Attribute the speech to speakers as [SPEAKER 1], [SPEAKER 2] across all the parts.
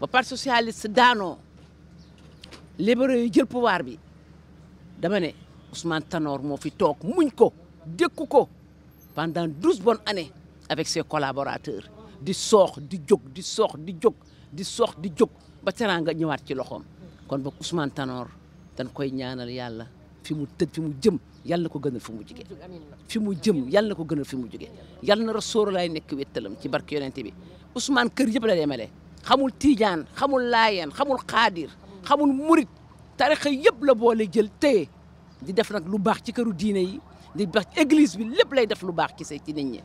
[SPEAKER 1] ba part socialiste daanoo libéraux yi jël pouvoir bi dama ne Ousmane Tanor moo fi toog muñ ko dékku ko pendant douze bonnes années avec ses collaborateurs di soox di jóg di soox di jóg di soox di jóg ba teraanga ñëwaat ci loxoom kon boog Ousmane tanoor dañ koy ñaanal yàlla fi mu tëj fi mu jëm yàlla na ko gënal fi mu jugee fi mu jëm yàlla na ko gënal fi mu jugee yàlla na Rasool laay nekk wéttalam ci barke yonente bi Ousmane kër yëpp la demale xamul tiijaan xamul laayeen xamul xaadir xamul murit tarixa yëpp la boole jël téye di def nag lu baax ci këru diine yi di baax ci église bi lépp lay def lu baax ci sey ci nit ñi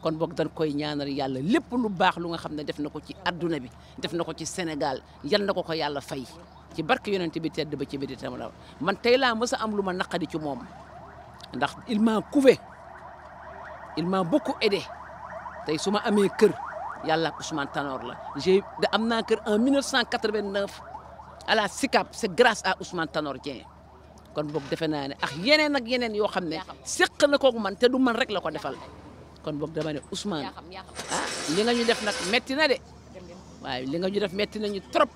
[SPEAKER 1] kon boog dan koy ñaanal yàlla lépp lu baax lu nga xam ne def na ko ci adduna bi def na ko ci Sénégal yal na ko ko yàlla fay ci barke yonent bi tedd ba ci bi di tamala man tey laa mës a am lu ma naqadi ci moom ndax il m'a couvé il m'a beaucoup aidé tey su ma amee kër yàlla ak Ousmane Tanor la j'ai am naa kër en 1989 à la SICAP c' est grâce à Ousmane Tanor Dieng kon boog defe naa ne ak yeneen ak yeneen yoo xam ne seq na kooku man te du man rek la ko defal kon boog dama ne Ousmane ah li nga ñu def nag metti na de waaye li nga ñu def metti nañu trop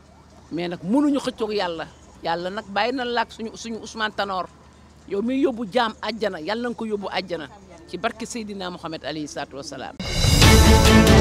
[SPEAKER 1] mais nag munuñu xëccoog yàlla yàlla nag bàyyi na laak suñu suñu Ousmane Tanor yow miy yóbbu jaam àjjana yàlla na ko yóbbu àjjana ci barke Seydina Mouhamed alayhi salaatu wa salaam